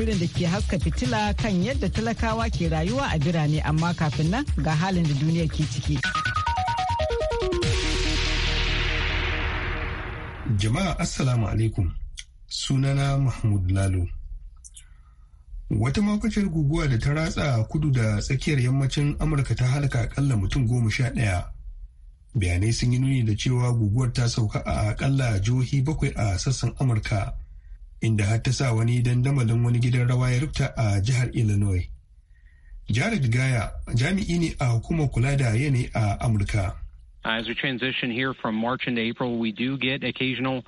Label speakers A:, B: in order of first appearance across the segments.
A: shirin da ke haska fitila kan yadda talakawa ke rayuwa a birane amma kafin nan ga halin da duniya ke ciki.
B: Jama'a Assalamu alaikum sunana Mahmud Lalo. Wata makwacin guguwa da ta ratsa kudu da tsakiyar yammacin Amurka ta halaka akalla mutum goma sha ɗaya. Bayanai sun yi nuni da cewa guguwar ta sauka a akalla jihohi bakwai a sassan Amurka inda har ta sa wani dandamalin wani gidan rawa ya rufta a jihar Illinois. Jared Gaya jami'i ne a hukumar kula da yanayi a Amurka.
C: Uh, as we transition here from March into April, we do get occasional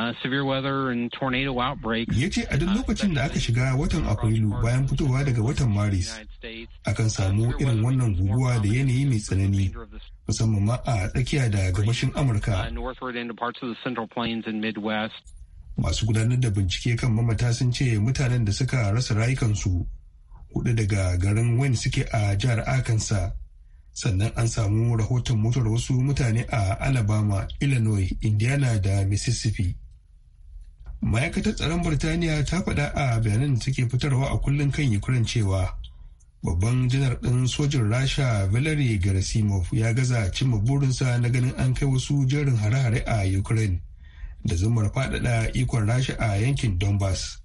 C: Uh, severe weather and tornado outbreaks. Ya ce
B: a duk lokacin da aka shiga watan Afrilu bayan fitowa daga watan Maris, akan samu irin wannan guguwa da yanayi mai tsanani, musamman ma a tsakiya da gabashin Amurka. Uh, masu gudanar da bincike kan mamata sun ce mutanen da suka rasa rayukansu hudu daga garin wayne suke a jihar arkansas sannan an samu rahoton mutuwar wasu mutane a alabama illinois indiana da mississippi ma'aikatar tsaron birtaniya ta faɗa a bayanan da take fitarwa a kullum kan ukraine cewa babban janar ɗin sojin rasha valery gerasimov ya gaza cimma burinsa na ganin an kai wasu jerin hare-hare a ukraine da zumar faɗaɗa ikon rasha a yankin donbass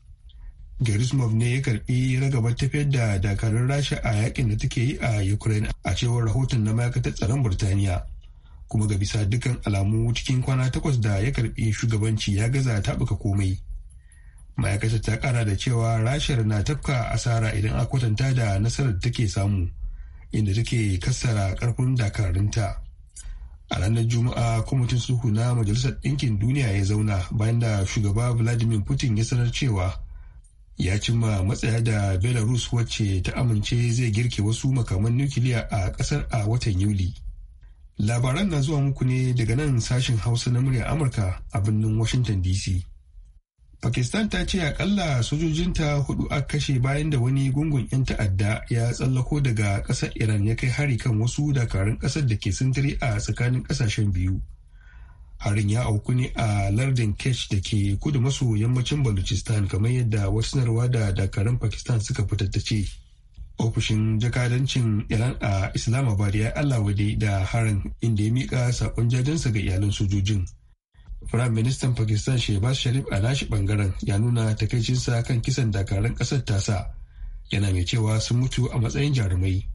B: Gerismov ne ya karbi ragabar tafiyar da dakarun rasha a yakin da take yi a ukraine a cewar rahoton na ma'aikatar tsaron burtaniya kuma ga bisa dukkan alamu cikin kwana takwas da ya karbi shugabanci ya gaza taɓuka komai ma'aikatar ta kara da cewa rashar na tafka asara idan a kwatanta da nasarar da take samu inda take kassara karfin dakarunta a ranar juma'a kwamitin sulhu na majalisar ɗinkin duniya ya zauna bayan da shugaba vladimir putin ya sanar cewa ya cimma matsaya da belarus wacce ta amince zai girke wasu makaman nukiliya a ƙasar a watan yuli labaran na zuwa muku ne daga nan sashen hausa na murya amurka a birnin washington dc pakistan ta ce akalla sojojinta hudu a kashe bayan da wani gungun 'yan ta'adda ya tsallako daga kasar iran ya kai hari kan wasu dakarun kasar da ke sintiri a tsakanin kasashen biyu harin ya auku ne a lardin kesh da ke kudu maso yammacin baluchistan kamar yadda wasu narwa da dakarun pakistan suka fitattace ofishin jakadancin iran a islamabad ya allawade da harin inda ya miƙa saƙon jajensa ga iyalan sojojin Firayim Ministan Pakistan Shehbaz Sharif a nashi bangaren ya nuna takaicinsa kan kisan dakarun ƙasar tasa yana mai cewa sun mutu a matsayin jarumai.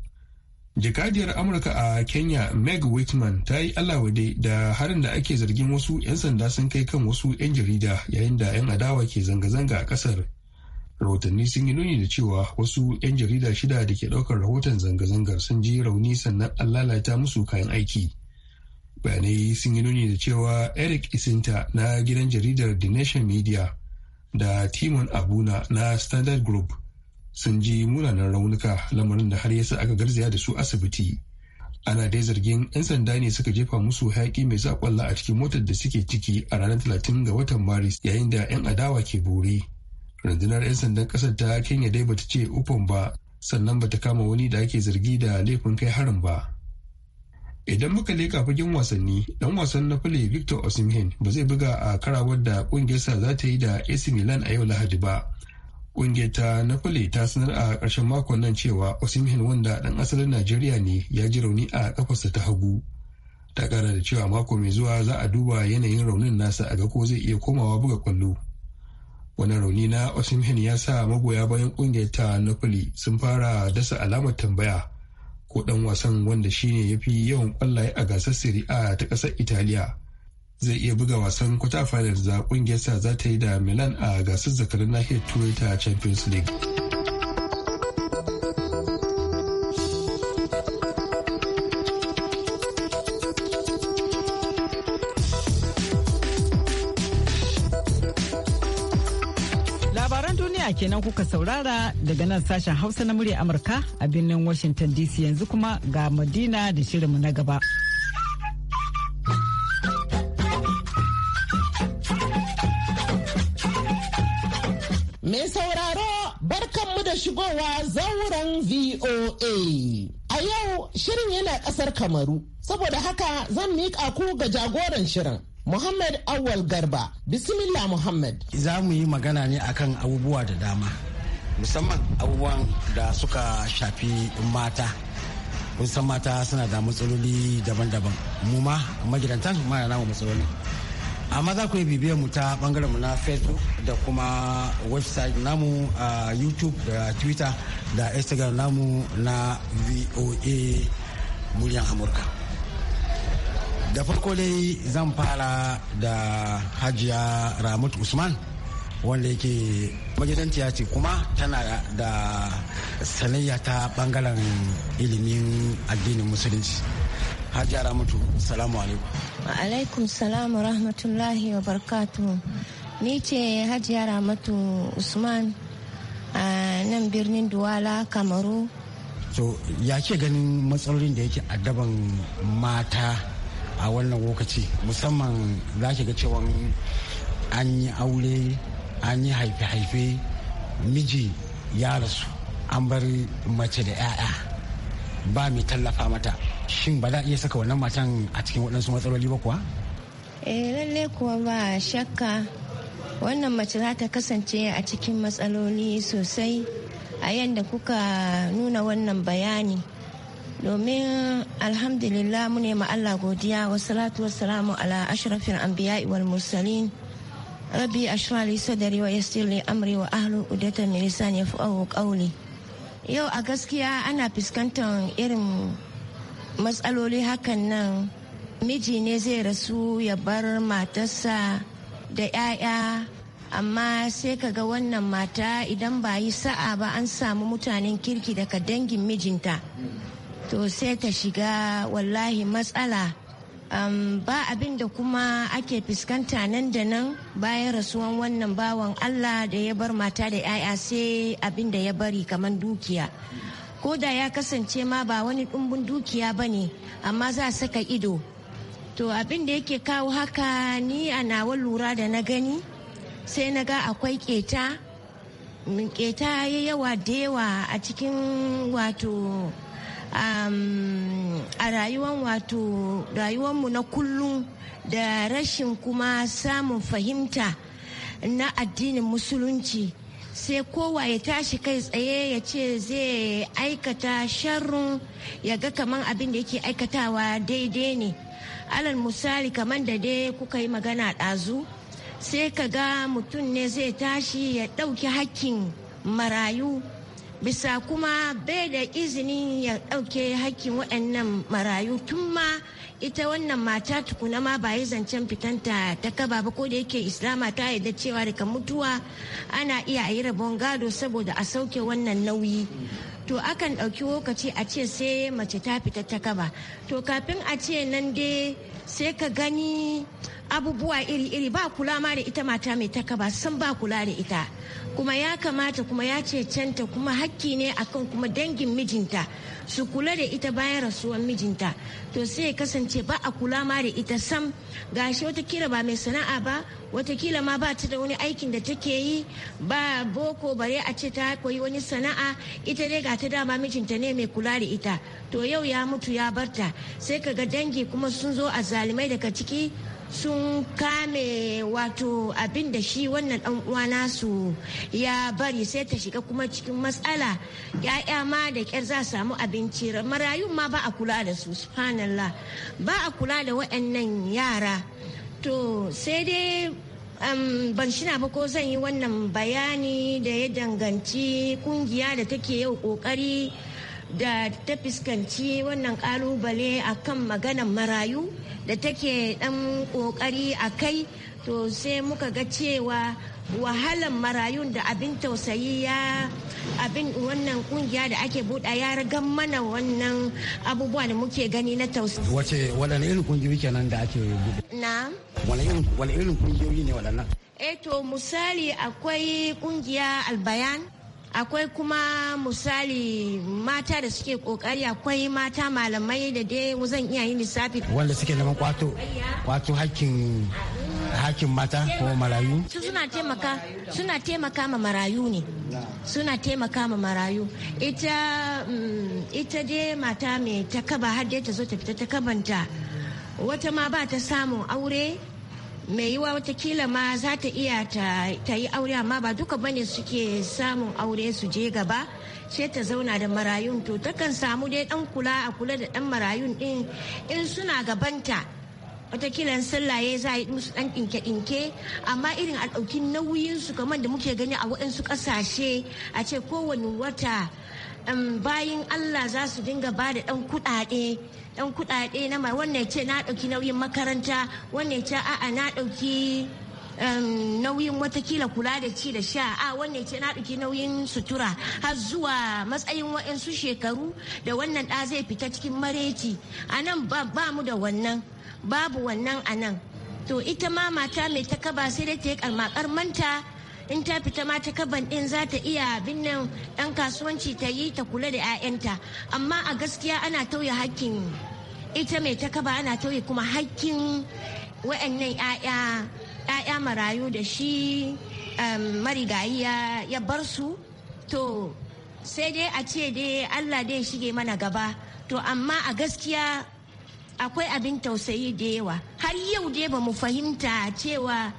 B: Jakadiyar Amurka a Kenya Meg Whitman ta yi alawade da harin da ake zargin wasu 'yan sanda sun kai kan wasu 'yan jarida yayin da 'yan adawa ke zanga-zanga a ƙasar. Rahotanni sun yi nuni da cewa wasu 'yan jarida shida da ke ɗaukar rahoton zanga-zangar sun ji rauni sannan an lalata musu kayan aiki. bayanai sun yi nuni da cewa eric isinta na gidan jaridar the nation media da timon abuna na standard group sun ji munanan raunuka lamarin da har yasa aka garzaya da su asibiti ana dai zargin 'yan sanda ne suka jefa musu hayaki mai zakwalla a cikin motar da suke ciki a ranar 30 ga watan maris yayin da 'yan adawa ke buri rundunar 'yan sandan kasar ta kenya dai bata ce ufan ba sannan bata kama wani da ake zargi da laifin kai harin ba idan muka leka fagen wasanni dan wasan napoli victor osimhen ba zai buga a karawar da kungiyarsa za ta yi da ac milan a yau lahadi ba kungiyar ta napoli ta sanar a ƙarshen makon nan cewa osimhen wanda dan asalin najeriya ne ya ji rauni a kafarsa ta hagu ta kara da cewa mako mai zuwa za a duba yanayin raunin nasa a ga ko zai iya komawa buga kwallo wani rauni na osimhen ya sa magoya bayan kungiyar ta napoli sun fara dasa alamar tambaya ko dan wasan wanda shine ya fi yawan kwallaye a gasar Serie A ta ƙasar Italiya. Zai iya buga wasan kwata final da ƙungiyarsa za ta yi da Milan a gasar zakarin nahiyar Turai ta Champions League.
A: kenan kuka saurara daga nan sashen Hausa na murya Amurka a birnin Washington DC yanzu kuma ga Madina da shirinmu na gaba.
D: Mai sauraro barkanmu da shigowa zauren VOA. yau shirin yana kasar Kamaru, saboda haka zan miƙa ku ga jagoran shirin. Muhammad Awal Garba, Bismillah Muhammad. Za mu yi magana ne akan abubuwa da dama, musamman abubuwan da suka shafi mata. Kun san mata suna da matsaloli daban-daban. Mu ma magidantan mara namu matsaloli. amma za ku yi bibiyar mu ta bangaren mu na facebook da kuma website namu a youtube da twitter da instagram namu na voa muryan amurka da farko dai zan fara da hajiya ramut usman wanda yake magidantiya ce kuma tana da sanayya ta bangaren ilimin addinin musulunci hajjara mutu salamu alaikum
E: alaikum salamu rahmatullahi wa barkatu ni ce hajiya ramatu usman a nan birnin duwala kamaru
D: so ya ke ganin matsalolin da yake addaban mata a wannan lokaci musamman za ki ga cewa an yi aure an yi haife-haife miji ya rasu an bar mace da 'ya'ya ba mai tallafa mata shin ba za a iya saka wannan matan a cikin waɗansu matsaloli ba kuwa?
E: eh lalle kuwa ba shakka wannan mace za ta kasance a cikin matsaloli sosai a yadda kuka nuna wannan bayani domin alhamdulillah mu nema Allah godiya wa salatu wa salamu ala ashrafil anbiya'i wal mursalin rabbi ashrali sadari wa yassir amri wa ahlu udatan min lisani yafqahu qawli yau a gaskiya ana fuskantar irin matsaloli hakan nan miji ne zai rasu ya bar matarsa da 'ya'ya amma sai ka ga wannan mata idan ba yi sa'a ba an samu mutanen kirki daga dangin mijinta to sai ta shiga wallahi matsala um, ba abin da kuma ake fuskanta nan da nan bayan rasuwan wannan bawan allah da ya bar mata da 'ya'ya sai abin da ya bari kamar dukiya ko da ya kasance ma ba wani ɗumbin dukiya ba ne amma za saka ido to abin da yake kawo haka ni a nawa lura da na gani sai na ga akwai keta keta ya yawa da yawa a cikin wato a rayuwan wato rayuwanmu na kullum da rashin kuma samun fahimta na addinin musulunci sai kowa ya tashi kai tsaye ya ce zai aikata sharrun ya ga kaman abin da yake aikatawa daidai ne alal misali kamar da dai kuka yi magana ɗazu sai ka ga mutum ne zai tashi ya ɗauki hakkin marayu bisa kuma bai da izinin ya ɗauke hakkin waɗannan marayu tun ma ita wannan mata tukuna ma ba yi zancen fitanta ta kaba ba ko da yake islama ta yarda cewa daga mutuwa ana iya a yi rabon gado saboda a sauke wannan nauyi to akan ɗauki lokaci a ce sai mace ta fita ta kaba to kafin a ce nan dai sai ka gani abubuwa iri-iri ba kula ma da ita mata mai takaba sun ba kula da ita kuma ya kamata kuma ya cancanta kuma hakki ne akan kuma dangin mijinta su kula da ita bayan rasuwan mijinta to sai kasance ba a kula ma da ita sam gashi watakila ba mai sana'a ba watakila ma ba ta da wani aikin da take yi ba boko bare a ce ta koyi wani sana'a ita dai ga ta dama mijinta ne mai kula da ita to yau ya mutu ya barta sai kaga dangi kuma sun zo a zalimai daga ciki sun kame wato abin da shi wannan dan uwa nasu ya bari sai ta shiga kuma cikin matsala ya'ya ma da kyar za samu abinci marayun ma ba a kula da su subhanallah ba a kula da waɗannan yara to sai dai ban shina ba ko zan yi wannan bayani da ya danganci kungiya da take yau kokari da ta fuskanci wannan kalubale a kan maganan marayu da take dan kokari a kai to sai muka ga cewa wahalan marayun da abin tausayi ya abin wannan kungiya da ake buɗa ya riga mana wannan abubuwa da muke gani na tausayi.
D: Wace wadannan irin kungiyoyi kenan da ake buɗe? Na. Wani irin kungiyoyi ne waɗannan?
E: Eh, to misali akwai kungiya albayan akwai kuma misali mata da suke kokari akwai mata malamai da dai zan iya yin lissafi
D: wanda suke neman kwato kwato hakkin hakkin mata ko marayu
E: suna taimaka suna taimaka ma marayu ne suna taimaka ma marayu ita mm, ita dai mata mai takaba har dai ta zo ta fita takabanta wata ma ba ta samun aure mai yiwa watakila ma za ta iya ta yi aure amma ba duka bane suke samun aure su je gaba sai ta zauna da marayun to takan samu dai dan kula a kula da dan marayun din in suna gabanta watakilan sallaye za a yi musu dan ɗinke-ɗinke amma irin a ɗauki nauyin su kamar da muke gani a waɗansu ƙasashe a ce kowane wata um, bayan allah za su dinga ba da ɗan kuɗaɗe Ɗan kuɗaɗe na mai wannan ce na ɗauki nauyin makaranta wannan ce a'a na ɗauki nauyin watakila kula da ci da sha a wannan ce na ɗauki nauyin sutura har zuwa matsayin waɗansu shekaru da wannan ɗa zai fita cikin mareci a nan ba mu da wannan babu wannan a nan to ita ma mata mai ta kaba sai dai ta yi manta. in ta fita ma ta kaban din za ta iya binnan nan kasuwanci ta yi ta kula da 'ya'yanta amma a gaskiya ana tauye hakkin ita mai ta kaba ana tauye kuma hakkin wa'annan 'ya'ya marayu da shi um, marigayi ya bar su to sai dai a ce dai allah dai shige mana gaba to amma a gaskiya akwai abin tausayi da yawa har yau dai ba mu fahimta cewa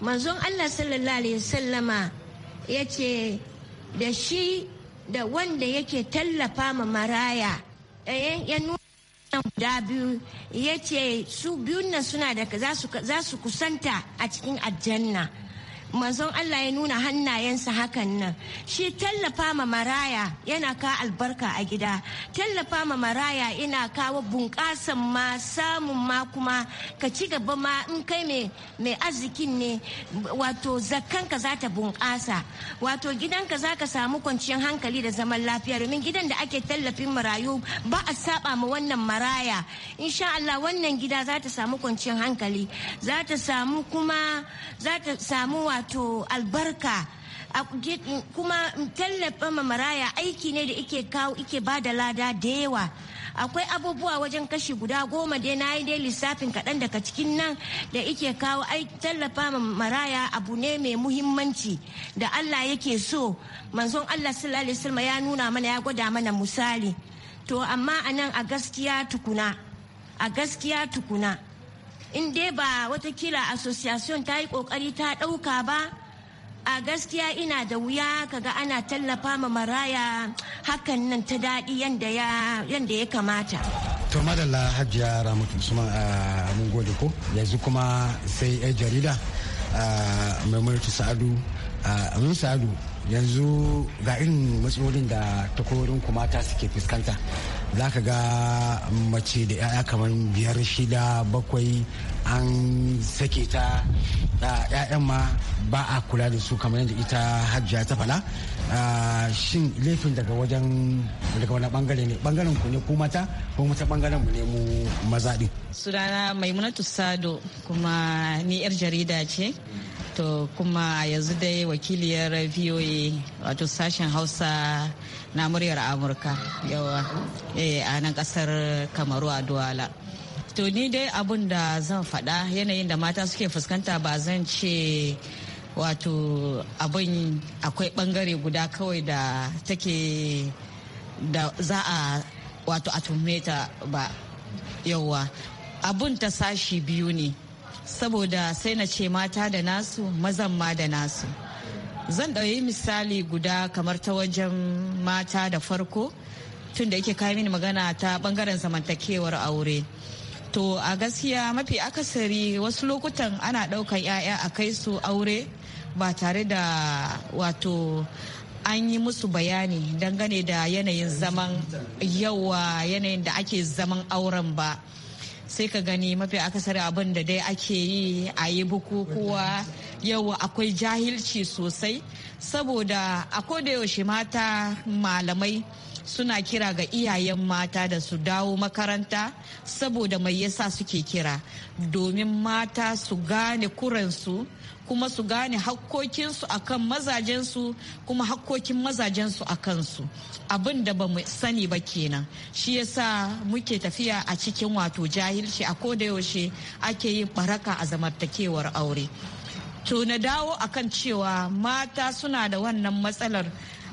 E: manzon allah sallallahu alaihi sallama ya ce da shi da wanda yake tallafa ma maraya eh, ya nuna guda biyu ya ce su biyun nan suna da za su kusanta a cikin aljanna manzon Allah ya nuna hannayensa hakan nan shi tallafa ma maraya yana ka albarka a gida tallafa ma maraya ina kawo bunƙasan ma samun ma kuma ka ci gaba ma in kai mai arzikin ne wato zakanka za ta bunƙasa wato gidanka za ka samu kwanciyar hankali da zaman lafiya domin gidan da ake tallafin marayu ba a saba ma wannan maraya insha Allah wannan gida za ta samu kwanciyar hankali za ta samu kuma za ta samu wato albarka kuma tallafa ma maraya aiki ne da ike kawo ike ba da lada da yawa akwai abubuwa wajen kashi guda goma dai na yi dai lissafin kaɗan daga cikin nan da ike kawo tallafa ma maraya abu ne mai muhimmanci da allah yake so manzon allah sallallahu alaihi wasallam ya nuna mana ya gwada mana misali to amma a nan a gaskiya tukuna a gaskiya tukuna in dai ba watakila association ta yi kokari ta dauka ba a gaskiya ina da wuya kaga ana tallafa ma maraya hakan nan ta daɗi yadda ya kamata
D: to madalla hajiya ramatu suma a mun gode ko yanzu kuma sai yan jarida mai sa'adu mun sa'adu yanzu ga irin matsalolin da takwarorin kuma ta suke fuskanta za ka ga mace da 'ya'ya kamar biyar shida bakwai an sake ta ah, 'ya'yan ma ba a kula da su kamar yadda ita hajjiya ta fala ah, shin laifin daga wajen daga wani bangare ne bangaren ku ne ko mata ko mata bangaren mu ne mu maza din
F: sunana maimunatu sado kuma ni yar jarida ce to kuma yanzu dai wakiliyar voa wato sashen hausa na muryar amurka yawa eh, a nan kasar kamaru a duwala to ni dai abun da zan faɗa yanayin da mata suke fuskanta ba zan ce wato abin akwai bangare guda kawai da take da za a wato a ba yawa abun ta sashi biyu ne saboda sai na ce mata da nasu mazan ma da nasu zan ɗauyi misali guda kamar ta wajen mata da farko tun da yake kayi mini magana ta bangaren zamantakewar aure to a gaskiya mafi akasari wasu lokutan ana ɗaukan 'ya'ya a kai su aure ba tare da wato an yi musu bayani dangane da yanayin zaman yawa yanayin da ake zaman auren ba sai ka gani mafi akasari abin da dai ake yi a yi bukukuwa yau akwai jahilci sosai saboda a yaushe mata malamai suna kira ga iyayen mata da su dawo makaranta saboda mai yasa suke kira domin mata su gane kuransu kuma su gane hakkokinsu a kan mazajensu kuma hakkokin mazajensu a kansu abin da ba mu sani ba kenan shi yasa muke tafiya a cikin wato jahilci a yaushe ake yin baraka a zamantakewar aure to na dawo akan cewa mata suna da wannan matsalar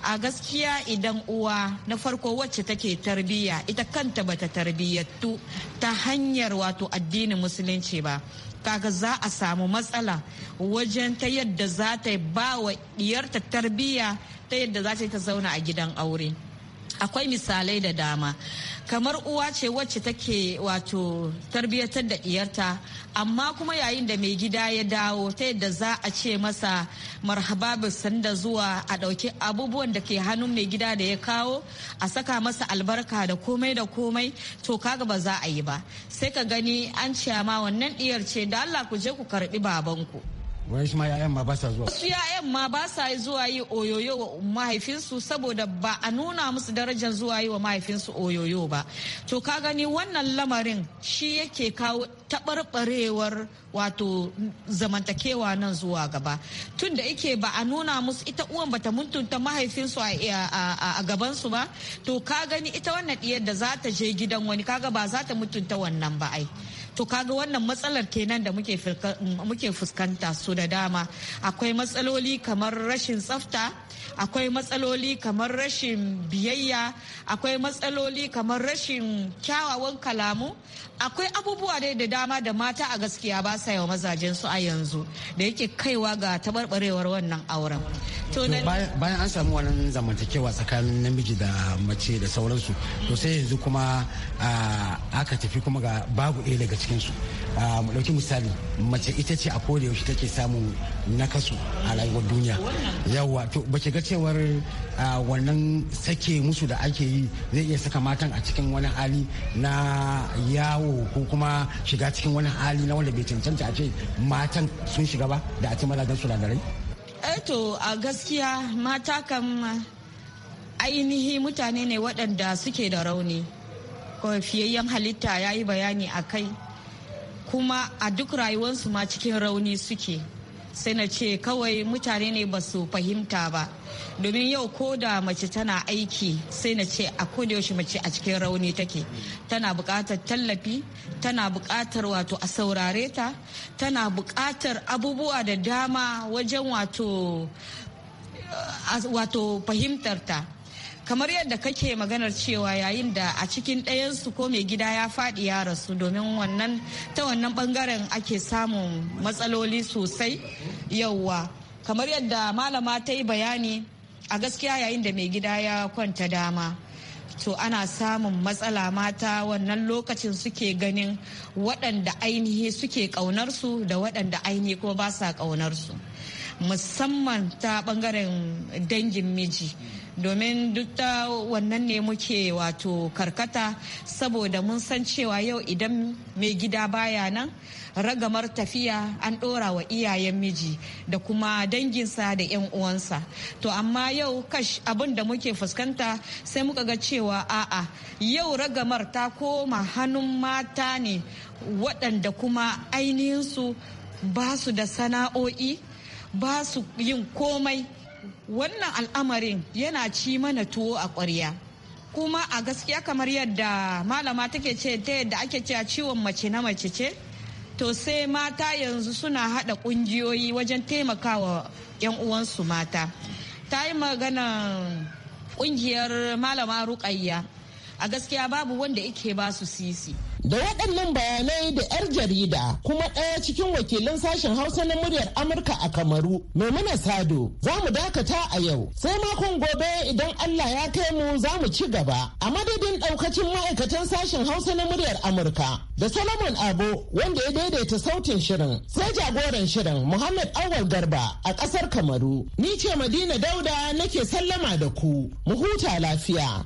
F: a gaskiya idan uwa na farko wacce take tarbiyya ita kanta bata tarbiyyatu ta hanyar wato addinin musulunci ba kaga za a samu matsala wajen ta yadda za ta ba wa diyarta tarbiyya ta yadda za ta zauna a gidan aure akwai misalai da dama kamar uwa ce wacce take wato tarbiyyatar da diyarta amma kuma yayin da mai gida ya dawo ta yadda za a ce masa marhaba bisan da zuwa a ɗauki abubuwan da ke hannun mai gida da ya kawo a saka masa albarka da komai da komai to kaga ba za a yi ba sai ka gani an ce wannan diyar ce da Allah ku je ku karbi babanku
D: wai shi ma ya'yan ma ba sa zuwa
F: su ya'yan ma ba sa zuwa yi oyoyo wa mahaifinsu saboda ba a nuna musu darajar zuwa yi wa mahaifinsu oyoyo ba to ka gani wannan lamarin shi yake kawo taɓarɓarewar wato zamantakewa nan zuwa gaba tun da yake ba a nuna musu ita uwan bata mutunta mahaifinsu a gabansu ba to ka gani ita wannan diyar da za ta je gidan wani kaga ba za ta mutunta wannan ba ai to kaga wannan matsalar kenan da muke fuskanta su da dama akwai matsaloli kamar rashin tsafta akwai matsaloli kamar rashin biyayya akwai matsaloli kamar rashin kyawawan kalamu akwai abubuwa dai da dama da mata a gaskiya ba sa yawa mazajen su a yanzu da yake kaiwa ga tabarbarewar wannan auren
D: bayan an samu wannan zamantakewa tsakanin namiji da mace da sauransu to sai yanzu kuma aka tafi kuma ga babu ɗaya daga cikin su mu ɗauki misali mace ita ce a koda yaushe take samun nakasu a rayuwar duniya yawa to ba ga cewar wannan sake musu da ake yi zai iya saka matan a cikin wani hali na yawo yawo ko kuma shiga cikin wani hali na wanda bai cancanta a ce matan sun shiga ba da a ce mazajen su ladarai?
F: eto eh a gaskiya mata kan ainihi mutane ne waɗanda suke da rauni fiyayyen halitta ya yi bayani a kai kuma a duk rayuwarsu ma cikin rauni suke sai na ce kawai mutane ne ba su fahimta ba domin yau ko da mace tana aiki sai na ce a ko da yaushe mace a cikin rauni take tana buƙatar tallafi tana bukatar wato a saurare ta tana bukatar abubuwa da dama wajen wato fahimtar ta kamar yadda kake maganar cewa yayin da a cikin ɗayansu ko mai gida ya faɗi ya rasu domin wannan ta wannan bangaren ake samun matsaloli sosai yauwa kamar yadda malama ta yi bayani a gaskiya yayin da mai gida ya kwanta dama to ana samun matsala mata wannan lokacin suke ganin waɗanda ainihi suke ƙaunarsu da waɗanda ainihi ko ba sa ƙaunarsu musamman ta ɓangaren dangin miji. domin duk ta wannan ne muke wato karkata saboda mun san cewa yau idan mai gida baya nan ragamar tafiya an ɗora wa iyayen miji da kuma danginsa da 'yan uwansa to amma yau kash abin da muke fuskanta sai muka ga cewa a'a yau ragamar ta koma hannun mata ne waɗanda kuma ainihinsu ba su da sana'o'i ba su yin komai wannan al'amarin yana ci mana tuwo a ƙwarya kuma a gaskiya kamar yadda malama take ce ta yadda ake cewa ciwon mace na mace ce to sai mata yanzu suna haɗa ƙungiyoyi wajen taimakawa 'yan uwansu mata ta yi maganan ƙungiyar malama ruƙayya a gaskiya babu wanda yake ba su sisi
A: da waɗannan bayanai da
D: 'yar jarida kuma ɗaya cikin wakilin sashen hausa na muryar amurka a kamaru maimuna sado za mu dakata a yau sai makon gobe idan allah ya kai mu za mu ci gaba a madadin ɗaukacin ma'aikatan sashen hausa na muryar amurka da solomon abo wanda ya daidaita sautin shirin sai jagoran shirin muhammad awal garba a ƙasar kamaru ni ce madina dauda nake sallama da ku mu huta lafiya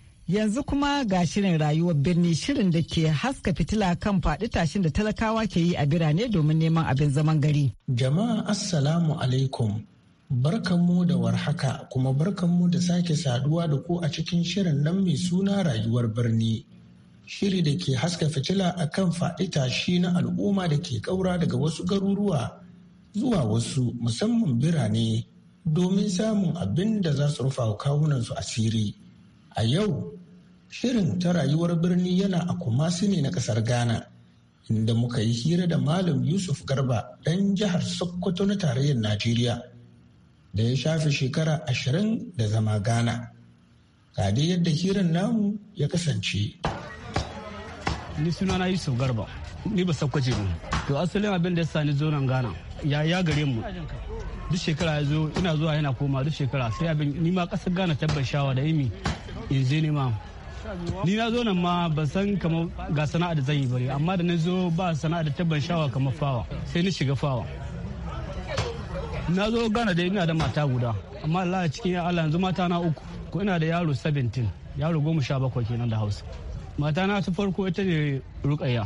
A: Yanzu kuma ga shirin rayuwar birni shirin da ke haska fitila kan faɗi tashin da talakawa ke yi a birane domin neman abin zaman gari.
D: Jama'a Assalamu alaikum. Barkanmu da warhaka kuma barkanmu da
B: sake saduwa da ku a cikin shirin nan mai suna rayuwar birni. Shiri da ke haska fitila a kan faɗi tashi na al'umma da ke ƙaura daga wasu garuruwa zuwa wasu musamman birane domin samun abin da za su rufa kawunansu asiri. A yau shirin ta rayuwar birni yana a kumasi ne na kasar ghana inda muka yi hira da malam yusuf garba ɗan jihar sokoto na tarayyar najeriya da ya shafe shekara ashirin da zama ghana ga dai yadda hirar namu ya kasance
C: ni sunana yusuf garba ni ba sakwace mu to asalin abin da ya sani zo nan ghana ya ya gare mu duk shekara ya zo ina zuwa yana koma duk shekara sai abin ni ma kasar ghana tabbashawa da imi in ne ma. ni na zo nan ma ba san kama ga sana'a da zan yi bare amma da na zo ba sana'a da tabban shawa kama fawa sai ni shiga fawa na zo gana da ina da mata guda amma Allah cikin ya Allah yanzu mata na uku ko ina da yaro 17 yaro goma sha bakwai kenan da hausa mata na ta farko ita ne rukayya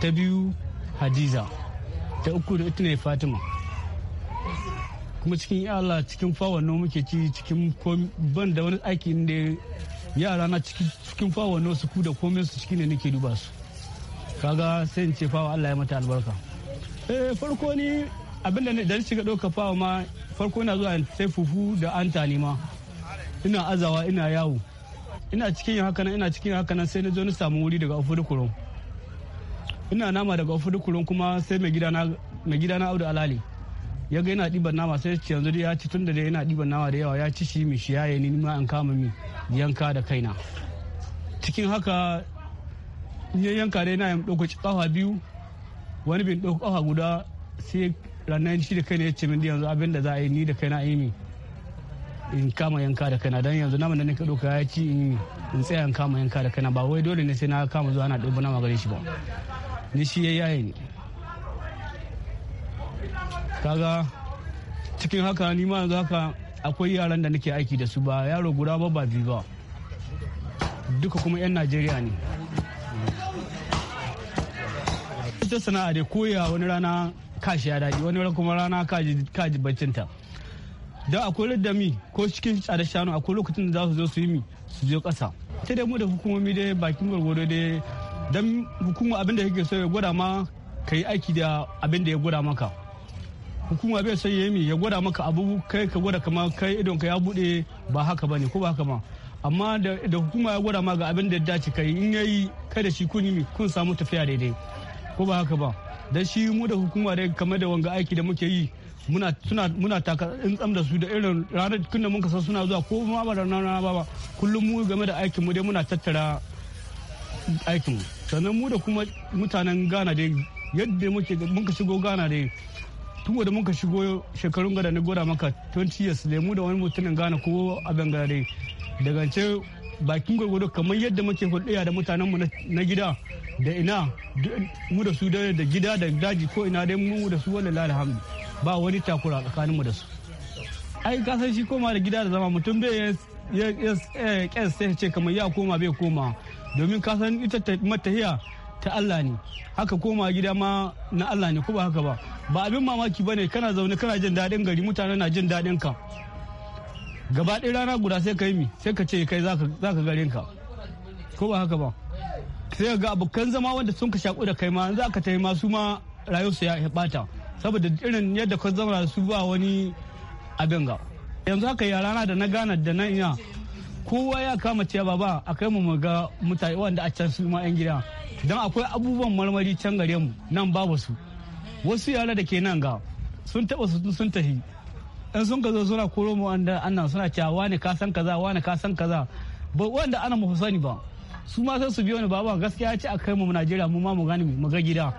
C: ta biyu hadiza ta uku da ita ne fatima kuma cikin ya Allah cikin fawa muke ci cikin ban da wani aiki da yara na cikin fawon na su ku da komai su cikin ne nake duba su kaga sai in ce fawa Allah ya mata albarka eh farko ni abin da da shiga ɗauka fawa ma farko na zuwa sai fufu da an ta ma ina azawa ina yawo ina cikin yin hakanan ina cikin hakanan sai na zo ni samu wuri daga ofudu kurum ina nama daga ofudu kurum kuma sai mai gida na audu alali ya ga yana ɗiban nama sai yanzu ya ci tun da yana ɗiban nama da yawa ya ci shi mi shi yaye ni ma an kama mi yanka da kaina cikin haka ya yanka dai na kwaci ƙafa biyu wani bin ɗauka ƙafa guda sai ranar shi da kaina ya ce min yanzu abin da za a yi ni da kaina yi in kama yanka da kaina don yanzu naman da nika ɗauka ya ci in in tsaya in kama yanka da kaina ba wai dole ne sai na kama zuwa na ɗauka nama gare shi ba ni shi ya yaye ni kaga cikin haka ni ma yanzu haka akwai yaran da nake aiki da su ba yaro guda ba ba biyu ba duka kuma 'yan najeriya ne ita sana'a da koya wani rana kashi ya daɗi wani kuma rana kaji baccinta da akwai mi ko cikin tsada shanu akwai lokacin da za su zo su yi mi su je ƙasa ta dai mu da hukumomi da bakin gwargwado da don hukuma abin da kake so ya gwada ma ka yi aiki da abin da ya gwada maka hukuma bai san yemi ya gwada maka abu kai ka gwada kama kai idon ka ya bude ba haka bane ko ba haka ma amma da hukuma ya gwada ma ga abin da ya dace kai in yayi kai da shi kun yi kun samu tafiya daidai ko ba haka ba da shi mu da hukuma dai kamar da wanga aiki da muke yi muna suna muna taka tsam da su da irin ranar kun da san suna zuwa ko ma ba nana ba ba kullum mu game da aikin mu dai muna tattara aikin mu sannan mu da kuma mutanen Ghana dai yadda muke muka shigo Ghana dai tun da muka shigo shekarun gada na gora maka 20 years lemu da wani mutumin gane ko a bangare daga ce bakin gwagwado kamar yadda muke hulɗiya da mutanenmu na gida da ina mu da su da gida da daji ko ina dai mu da su wani ba wani takura tsakanin mu da su ai kasan shi koma da gida da zama mutum bai ya eh, kamar ya koma bai koma domin kasan ita matahiya ta Allah ne haka koma gida ma na Allah ne ko ba haka ba ba abin mamaki bane kana zaune kana jin daɗin gari mutane na jin daɗin ka gaba ɗaya rana guda sai ka yi mi sai ka ce kai za ka garin ka ko ba haka ba sai ga abokan zama wanda sun ka shaƙo da kai ma za ka tayi su ma rayuwarsu ya bata saboda irin yadda ka zama su ba wani abin ga yanzu haka yarana rana da na gana da na iya kowa ya kama ba baba a kai mu mu ga mutane wanda a can su ma yan gida don akwai abubuwan marmari can gare mu nan babu su wasu yara da ke nan ga sun taba su sun tafi in sun ka zo suna koro mu wanda annan suna cewa wani ka san kaza wani ka san kaza ba wanda ana mu sani ba su ma sai su biyo ni baba gaskiya ce a kai mu Najeriya mu ma mu gane mu ga gida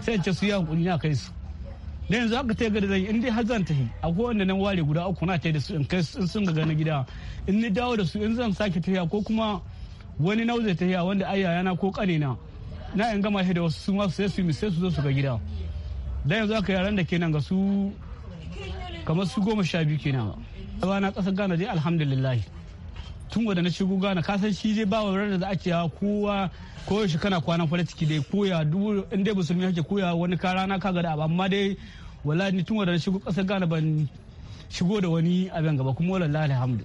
C: sai ce su yi hankuli na kai su da yanzu aka ta gada zan in dai har zan tahi akwai wanda nan ware guda uku na ta da su in kai in sun ga na gida in ni dawo da su in zan sake ta ko kuma wani nauze a wanda na ko kanina na in gama shi da wasu su ma sai su sai su zo su ga gida da yanzu aka yaran da kenan ga su kamar su goma sha biyu kenan. na ƙasar Ghana dai alhamdulillah. tun wanda na shigo gana kasan shi zai ba wa da a cewa kowa ko shi kana kwana fara ciki dai koya duk in dai musulmi hake koya wani ka rana ka gada amma dai wallahi ni tun wanda na shigo kasar gana ban shigo da wani abin gaba kuma wallahi alhamdu.